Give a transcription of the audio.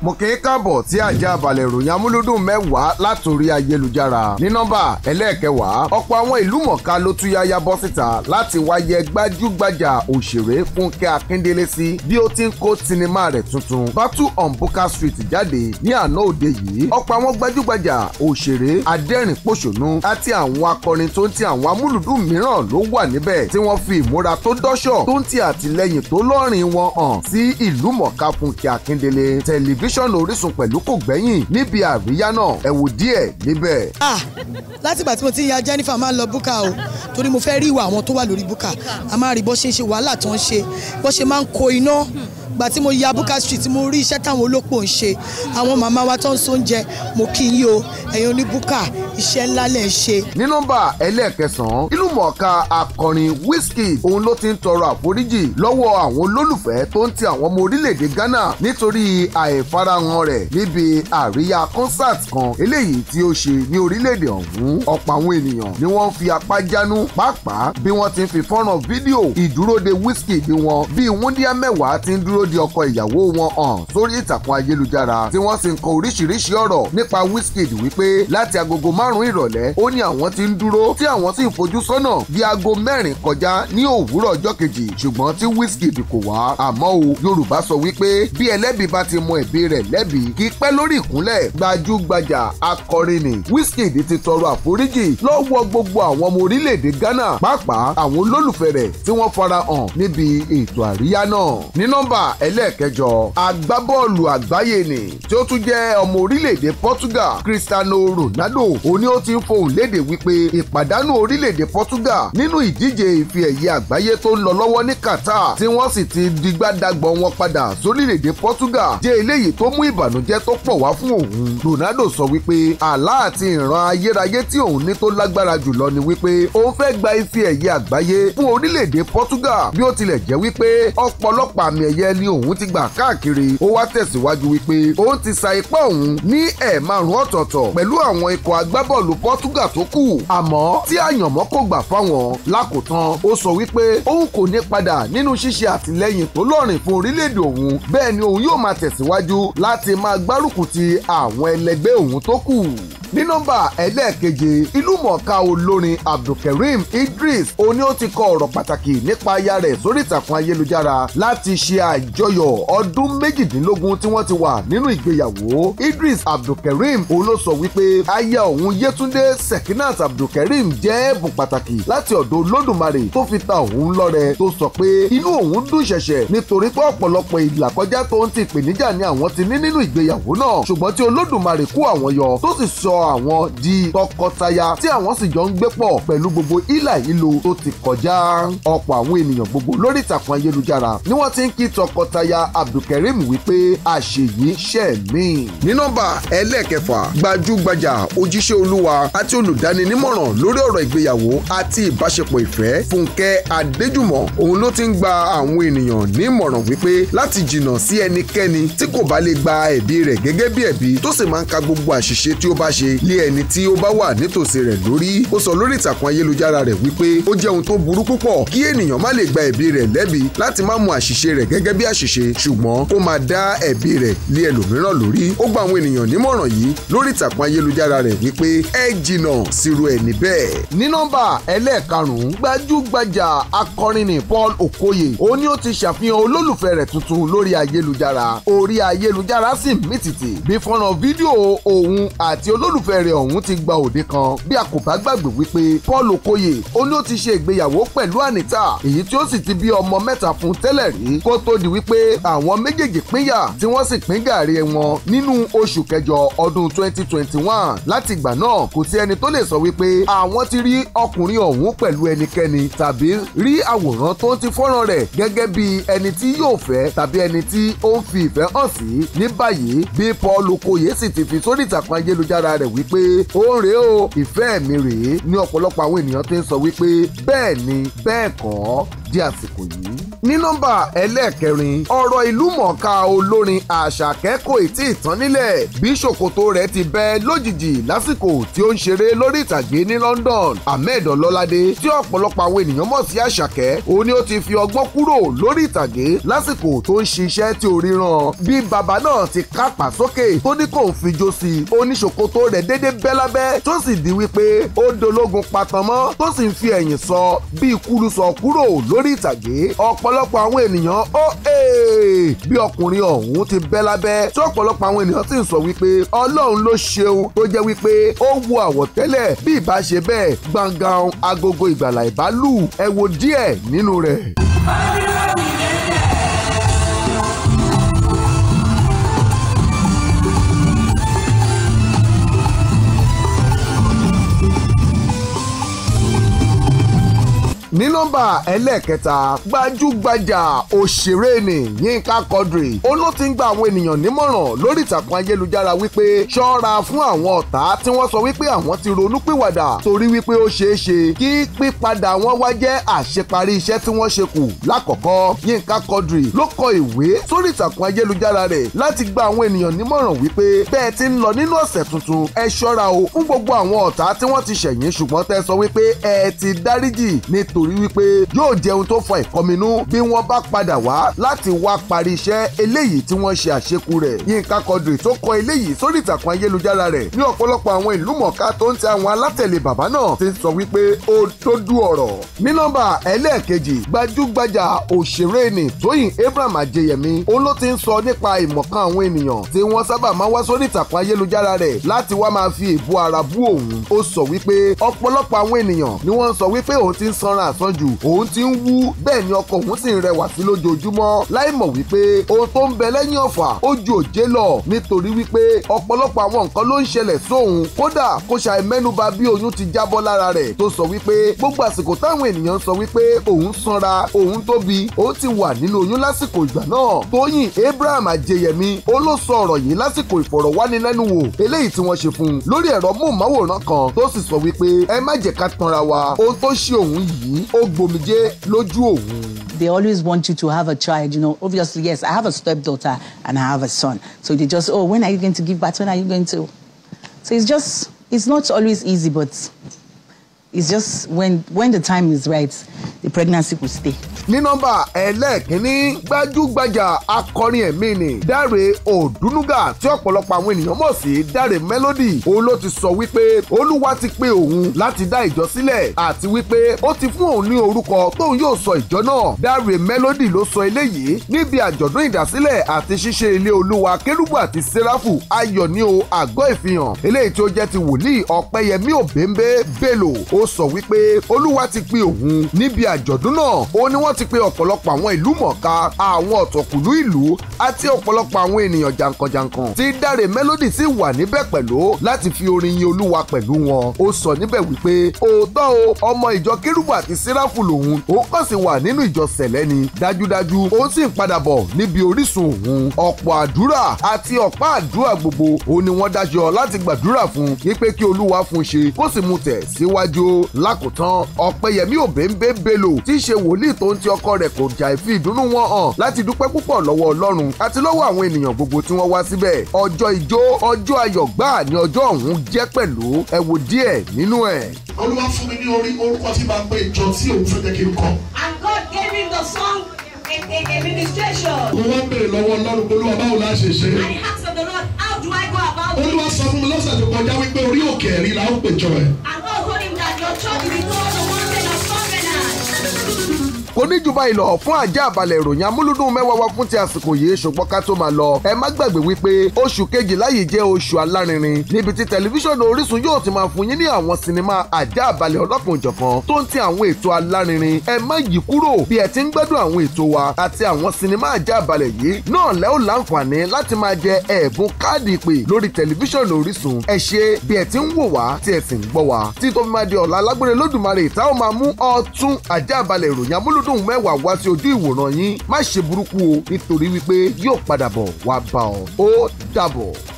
mo kì í káàbọ̀ tí àjà balẹ̀ ìròyìn amúlúdùn mẹ́wàá látòrí ayélujára ní nọ́mbà ẹlẹ́ẹ̀kẹwàá ọ̀pọ̀ àwọn ìlú mọ̀ká ló tún yáyá bọ́ síta láti wáyé gbajúgbajà òṣèré fúnkẹ́ akíndélé sí bí ó ti ń kó sinimá rẹ̀ tuntun battle on buka street jáde ní àná òde yìí ọ̀pọ̀ àwọn gbajúgbajà òṣèré adẹ́rìn pòṣónú àti àwọn akọrin tó ń ti àwọn amúlùdùn mìíràn ló wà níbẹ̀ tí wọ́n fi ìmúra tó dọ́ṣọ̀ tó ń ti àtìlẹ́yìn tẹlifíṣàn Orísun pẹ̀lú kò gbẹ́yìn níbi àríyá náà ẹ wò díẹ̀ níbẹ̀. láti ìgbà tí mo ti ń ya Jennifer máa ń lọ búkà o torí mo fẹ́ rí ìwà àwọn tó wà lórí búkà a máa rí bó ṣe ń ṣe wàhálà tó ń ṣe bó ṣe máa ń ko iná ìgbà tí mo ya búkà street mo rí iṣẹ́ táwọn olópò ń ṣe àwọn màmá wa tó ń so mo kí yín o ẹ̀yin oníbúkà iṣẹ́ ńlá lẹ̀ ṣe. ní nọ́mbà ẹlẹ́ẹ̀kẹsàn-án ìlúmọ̀ọ́ká akọrin Wizkid òun ló ti ń tọrọ àforíjì lọ́wọ́ àwọn olólùfẹ́ tó ń ti àwọn ọmọ orílẹ̀-èdè Ghana nítorí àìfarahàn rẹ̀ níbi àríyá concert kan eléyìí tí ó ṣe ní orílẹ̀-èdè ọ̀hún ọ̀pọ̀ àwọn ènìyàn ni wọ́n ń fi apá jánu pàápàá bí wọ́n ti ń fi fọ́nrán fídíò ìdúróde Wizkid bí wọn bíi wúndíá mẹ́wàá ti ń dúró de ọkọ ìyàwó wọn hàn sórí ìtàkùn ayélujára tí wọ́n sì ń kọ oríṣiríṣi ọ̀rọ̀ nípa Wizkid wípé láti agogo márùn márùn-ún ìrọ̀lẹ́ ó ní àwọn ti ń dúró tí àwọn sì fojú sọ́nà di aago mẹ́rin kọjá ní òwúrọ̀ ọjọ́ kejì ṣùgbọ́n tí Wizkid kò wá àmọ́ o Yorùbá sọ wípé bí ẹlẹ́bi bá ti mọ ẹ̀bi rẹ̀ lẹ́bi kì í pẹ́ lórí ìkúnlẹ̀ gbajúgbajà akọrin ni Wizkid ti tọrọ àforíjì lọ́wọ́ gbogbo àwọn ọmọ orílẹ̀-èdè Ghana pàápàá àwọn olólùfẹ́ rẹ̀ tí wọ́n fara hàn níbi ètò àríyá náà ní nọ́mbà ẹlẹ́ẹ̀kẹjọ agbábọ́ọ̀lù àgbáyé ni tí ó tún jẹ́ ọmọ orílẹ̀-èdè Portugal Cristiano Ronaldo òun ni ó ti ń fohùn léde wípé ìpàdánù orílẹ̀-èdè Portugal nínú ìdíje ìfi ẹ̀yẹ àgbáyé tó ń lọ lọ́wọ́ ní Qatar tí wọ́n sì ti digbádàgbọ̀n wọn padà sórílẹ̀-èdè Portugal jẹ́ eléyìí tó mú ìbànújẹ́ tó pọ̀ wá fún òun Ronaldo sọ wípé àlá àti ìran ayérayé tí òun ní tó lágbára jùlọ ni wípé òun fẹ́ gba ife ẹ̀yẹ àgbáyé fún orílẹ̀-èdè Portugal bí ó tilẹ̀ jẹ́ wípé ọ̀pọ̀lọpọ̀ àmì ẹ̀yẹ ni òun ti gbà káàkiri ó wá tẹ̀síwájú wípé òun ti sa ipá òun ní ẹ̀ẹ̀márùn ọ̀tọ̀ọ̀tọ̀ pẹ̀lú àwọn ikọ̀ agbáb agbábọ́ọ̀lù Portugal tó kù àmọ́ tí àyànmọ́ kò gbà fáwọn lákòótán ó sọ wípé òun kò ní padà nínú ṣíṣe àtìlẹ́yìn tó lọ́rìn fún orílẹ̀-èdè òun bẹ́ẹ̀ ni òun yóò máa tẹ̀síwájú láti máa gbárùkù ti àwọn ẹlẹgbẹ́ òun tó kù ní nọ́mbà ẹlẹ́ẹ̀keje ìlúmọ̀ọ́ká olórin Abdulkareem Idris òní ó ti kọ ọ̀rọ̀ pàtàkì nípa aya rẹ̀ sórí ìtàkùn ayélujára láti ṣe àjọyọ̀ ọdún méjìdínlógún tí wọ́n ti wà nínú ìgbéyàwó Idris Abdulkareem òun ló sọ wípé aya òun Yétúndé Sekinat Abdulkareem jẹ́ ẹ̀bùn pàtàkì láti ọ̀dọ̀ Olódùmarè tó fi ta òun lọ́rẹ tó sọ pé inú òun dùn ṣẹ̀ṣẹ̀ nítorí pé ọ̀pọ̀lọpọ̀ ìlàkọjá tó ń ti ìpèníjà ni àwọn ti ní nínú ìgbéyàwó náà ṣùgbọ́n tí Olódùmarè kó àwọn yọ tó sì sọ àwọn di tọkọtaya tí àwọn sì jọ ń gbé pọ̀ pẹ̀lú gbogbo ìlà ìlò tó ti kọjá ọ̀pọ̀ àwọn ènìyàn gbogbo lórí ìtàkùn ayélujára ni wọ́n ti ń kí tọkọtaya Abdulkareem wípé àṣeyìí ṣẹ̀ mí. ní nọ́mbà ẹlẹ́ẹ̀kẹfà gbajúgbajà ojíṣẹ́ olúwa àti olùdáninímọ̀ràn lórí ọ̀rọ̀ ìgbéyàwó àti ìbáṣepọ̀ ìfẹ́ Fúnkẹ́ Adéjùmọ̀ òun ló ti ń gba àwọn ènìyàn ní ìmọ̀ràn wípé láti jìnnà sí ẹnikẹ́ni tí kò bá lè gba ẹ̀bi rẹ̀ gẹ́gẹ́ bí ẹ̀bi tó sì máa ń ka gbogbo àṣìṣe tí ó bá ṣe ṣe lé ẹni tí ó bá wà nítòsí rẹ̀ lórí ó sọ lórí ìtàkùn ayélujára rẹ̀ wípé ó jẹ́ ohun tó burú púpọ̀ kí ènìyàn má lè gba ẹ̀bi rẹ̀ lẹ́bi láti má mú àṣìṣe rẹ̀ gẹ́gẹ́ bí àṣìṣe ṣùgbọ́n kó máa dá ẹ̀bi rẹ̀ lé ẹlòmíràn lórí ó gba àwọn ènìyàn nímọ̀ràn yìí lórí ìtàkùn ayélujára rẹ̀ wípé ẹ jìnà sírú ẹni bẹ́ẹ̀. ní nọ́mbà ẹlẹ́ẹ̀karùn gbajúgbajà akọrin ni Paul Okoye ó ní ó ti ṣàfihàn olólùfẹ́ rẹ̀ tuntun lórí ayélujára orí ayélujára sì mìtìtì bí fọ́nrán fídíò òun àti olólù olólùfẹ́ rẹ̀ ọ̀hún ti gba òde kan bí a kò bá gbàgbé wípé Paul Okoye ó ní ó ti ṣe ìgbéyàwó pẹ̀lú Anita èyí tí ó sì ti bí ọmọ mẹ́ta fún tẹ́lẹ̀ rí kó tó di wípé àwọn méjèèjì pínyà tí wọ́n sì pín gàrí wọn nínú oṣù kẹjọ ọdún 2021 láti ìgbà náà kò sí ẹni tó lè sọ wípé àwọn ti rí ọkùnrin ọ̀hún pẹ̀lú ẹnikẹ́ni tàbí rí àwòrán tó ń ti fọ́nrán rẹ̀ gẹ́gẹ́ bí ẹni tí yóò fẹ́ tàbí ẹni tí ó ń fi ìfẹ́ hàn sí ní báyìí bí Paul Okoye sì ti fi sórí ìtàkùn ayélujára rẹ̀ rẹ̀ wípé ó ń rèé o ìfẹ́ mi rèé ní ọ̀pọ̀lọpọ̀ àwọn ènìyàn ti ń sọ wípé bẹ́ẹ̀ ni bẹ́ẹ̀ kọ́ di àsìkò yìí ní nọ́mbà ẹlẹ́ẹ̀kẹrin ọ̀rọ̀ ìlú mọ̀ọ́ká olórin àṣàkẹ́ kò tí ì tán nílẹ̀ bí ṣòkòtò rẹ̀ ti bẹ́ lójijì lásìkò tí ó ń ṣeré lórí ìtàgé ní London Ahmed Ọlọ́ládé tí ọ̀pọ̀lọpọ̀ àwọn ènìyàn mọ̀ sí àṣàkẹ́ ó ní ó ti fi ọgbọ́n kúrò lórí ìtàgé lásìkò tó ń ṣiṣẹ́ tí orí ràn bí bàbá náà ti kápá sókè tó ní kò ń fijó sí i ó ní ṣòkòtò rẹ̀ déédé bẹ́ lábẹ́ tó sì di wípé ó dológun patamọ́ tó sì ń fi ẹ̀yìn sọ bí ikú lù sọ kúrò lórí ìtàgé ọ̀p ọ̀pọ̀lọpọ̀ àwọn ènìyàn ó èè bí ọkùnrin ọ̀hún ti bẹ́ lábẹ́ tí ọ̀pọ̀lọpọ̀ àwọn ènìyàn sì ń sọ wípé ọlọ́run ló ṣeun tó jẹ́ wípé ó wo àwọ̀tẹ́lẹ̀ bí ìbá ṣe bẹ́ẹ̀ gbọ̀ngàn agogo ìgbàlà ìbálù ẹ wo díẹ̀ nínú rẹ̀. ní nọ́mbà ẹlẹ́ẹ̀kẹta gbajúgbajà òṣèré ni Yínká Quadri ó ló ti ń gba àwọn ènìyàn nímọ̀ràn lórí ìtàkùn ayélujára wípé ṣọ́ra fún àwọn ọ̀tá tí wọ́n sọ wípé àwọn ti ronúpìwàdà torí wípé ó ṣeé ṣe kí pípadà wọn wá jẹ́ àṣeparí iṣẹ́ tí wọ́n ṣe kù lákọ̀ọ́kọ́ Yínká Quadri ló kọ ìwé sórí ìtàkùn ayélujára rẹ̀ láti gba àwọn ènìyàn nímọ̀ràn wípé bẹ́ẹ̀ ti ń lọ nínú ọ̀sẹ̀ tuntun ẹ ṣọ́ra o fún gbogbo àwọn ọ̀tá tí wọ́n ti ṣẹ̀yìn ṣùgbọ́n tẹ́ sọ wípé ẹ ti dáríjì nítorí nítorí wípé yóò jẹ ohun tó fa ìkọminú bí wọ́n bá padà wá láti wá parí iṣẹ́ eléyìí tí wọ́n ṣe àṣekù rẹ̀ Yínká Quadri tó kọ eléyìí sórí ìtàkùn ayélujára rẹ̀ ní ọ̀pọ̀lọpọ̀ àwọn ìlú mọ̀ọ́ká tó ń ti àwọn alátẹ̀lé bàbá náà ti sọ wípé ó dójú ọ̀rọ̀ ní nọ́mbà ẹlẹ́ẹ̀kejì gbajúgbajà òṣèré ni Tóyìn Abraham Ajẹyẹmí òun ló ti ń sọ nípa ìmọ̀kan àwọn ènìyàn tí wọ́n sábà máa wá sórí ìtàkùn ayélujára rẹ̀ láti wá máa fi èbú ara bú òun ó sọ wípé ọ̀pọ̀lọpọ̀ àwọn ènìyàn ni wọ́n sọ wípé òun ti ń sanra lọ́sàn-án jù òun ti ń wú bẹ́ẹ̀ ni ọkọ̀ òun sì ń rẹwà sí lójoojúmọ́ láìmọ̀ wípé ohun tó ń bẹ lẹ́yìn ọ̀fà ó ju òjé lọ nítorí wípé ọ̀pọ̀lọpọ̀ àwọn nǹkan ló ń ṣẹlẹ̀ sóhun kódà kó ṣàì mẹ́nuba bí oyún ti jábọ́ lára rẹ̀ tó sọ wípé gbogbo àsìkò táwọn ènìyàn sọ wípé òun sanra òun tóbi ó ti wà nínú oyún lásìkò ìgbà náà Tóyìn Abraham Ajẹyẹmí olóṣọ ọ̀rọ̀ yìí lásìkò ìfọ̀rọ̀wánilẹ́nuwò eléyìí tí wọ́n ṣe fún un lórí ẹ̀rọ móhùnmáwòrán kan tó sì sọ wípé ẹ má jẹ́ ká tanra wa ohun tó ṣe òun yìí ó gbòmìjé lójú òun. They always want you to have a child, you know. Obviously, yes, I have a stepdaughter and I have a son. So they just, oh, when are you going to give birth? When are you going to? So it's just, it's not always easy, but it's just when when the time is right the pregnancy will stay. ní nọ́mbà ẹlẹ́ẹ̀kínní gbajúgbajà akọrin ẹ̀mí ni Dáre Odùnúgà tí ọ̀pọ̀lọpọ̀ àwọn ènìyàn mọ̀ sí Dáre Melody òun ló ti sọ wípé Olúwa ti pe òun láti dá ìjọ sílẹ̀ àti wípé ó ti fún òun ní orúkọ tóun yóò sọ ìjọ náà Dáre Melody ló sọ eléyìí níbi àjọ̀dún ìdásílẹ̀ àti ṣíṣe ilé Olúwa Kérúbù àti Séráfù ayọ̀ ní o àgọ́ ìfihàn eléyìí tí ó jẹ́ ti wòlíì Ọ̀pẹ́yẹmí Òbẹ́ńbẹ́ Bello ó sọ wípé olúwa ti pe òun níbi àjọ̀dún náà ó ní wọ́n ti pe ọ̀pọ̀lọpọ̀ àwọn ìlú mọ̀ọ́ká àwọn ọ̀tọ̀kùlú ìlú àti ọ̀pọ̀lọpọ̀ àwọn ènìyàn jàǹkànjàǹkàn tí Dáre Melody sì wà níbẹ̀ pẹ̀lú láti fi orin yin olúwa pẹ̀lú wọn ó sọ níbẹ̀ wípé òótọ́ o ọmọ ìjọ kérúbù àti séráfù lòun ó kàn sì wà nínú ìjọ sẹ̀lẹ́ ni dájúdájú ó sì ń padà bọ̀ níbi orísun òun ọ̀pọ̀ àdúrà àti ọ̀pá àdúrà gbogbo ó ní wọ́n dájọ́ láti gbàdúrà fún wípé kí olúwa fún ṣe kó sì mú tẹ̀ síwájú lákòótán ọ̀pẹyẹmí òbẹ́ńbẹ́ belò tí í ṣe wòlíì tó ń ti ọkọ rẹ̀ kò jà ìfi ìdùnnú wọn hàn láti dúpẹ́ púpọ̀ lọ́wọ́ ọlọ́run àti lọ́wọ́ àwọn ènìyàn gbogbo tí wọ́n wá síbẹ̀ ọjọ́ ijó ọjọ́ ayọ̀ gbáà ni ọjọ́ ọ̀hún jẹ́ pẹ̀lú ẹ wo díẹ̀ nínú ẹ̀. olúwa fún mi ní orí orúkọ tí màá pé ìjọ tí òun fẹ́ jẹ́ kí n kọ. and God gave him the song in in administration. olúwa sọ fún mi lọ́sẹ̀ tó kọjá wípé orí òkè ẹ̀rí la ó pèjọ ẹ̀. taught me before the work that I'm on. kò ní jù báyìí lọ fún àjà àbálẹ̀ ìròyìn amúlùdùn mẹ́wàá wa fún ti àsìkò yìí ṣùgbọ́n ká tó máa lọ ẹ má gbàgbé wípé oṣù kejìlá yìí jẹ́ oṣù alárinrin níbi tí tẹlifíṣọ̀nù Orísun yóò ti máa fún yín ní àwọn sinimá àjà àbálẹ̀ ọlọ́kan-ò-jọ̀kan tó ń ti àwọn ètò alárinrin ẹ má yí kúrò bí ẹ ti ń gbádùn àwọn ètò wa àti àwọn sinimá àjà àbálẹ̀ yìí náà lẹ́ ò láǹfààní láti máa jẹ ẹ̀bùn káàdì ìpè lórí tẹlifíṣọ̀nù Orísun ẹ ṣe bí ẹ ti ń wò wá tí ẹ sì ń gbọ́ wá tí tó fi ọ̀la alágbére lódùmarè tá máa mú ọ̀tún àjà àbálẹ̀ ìròyìn amúlùd ọdún mẹ́wàá wá sí ojú ìwòran yín má ṣe burúkú o nítorí wípé yóò padà bọ̀ wá bá ọ ó dàbọ̀.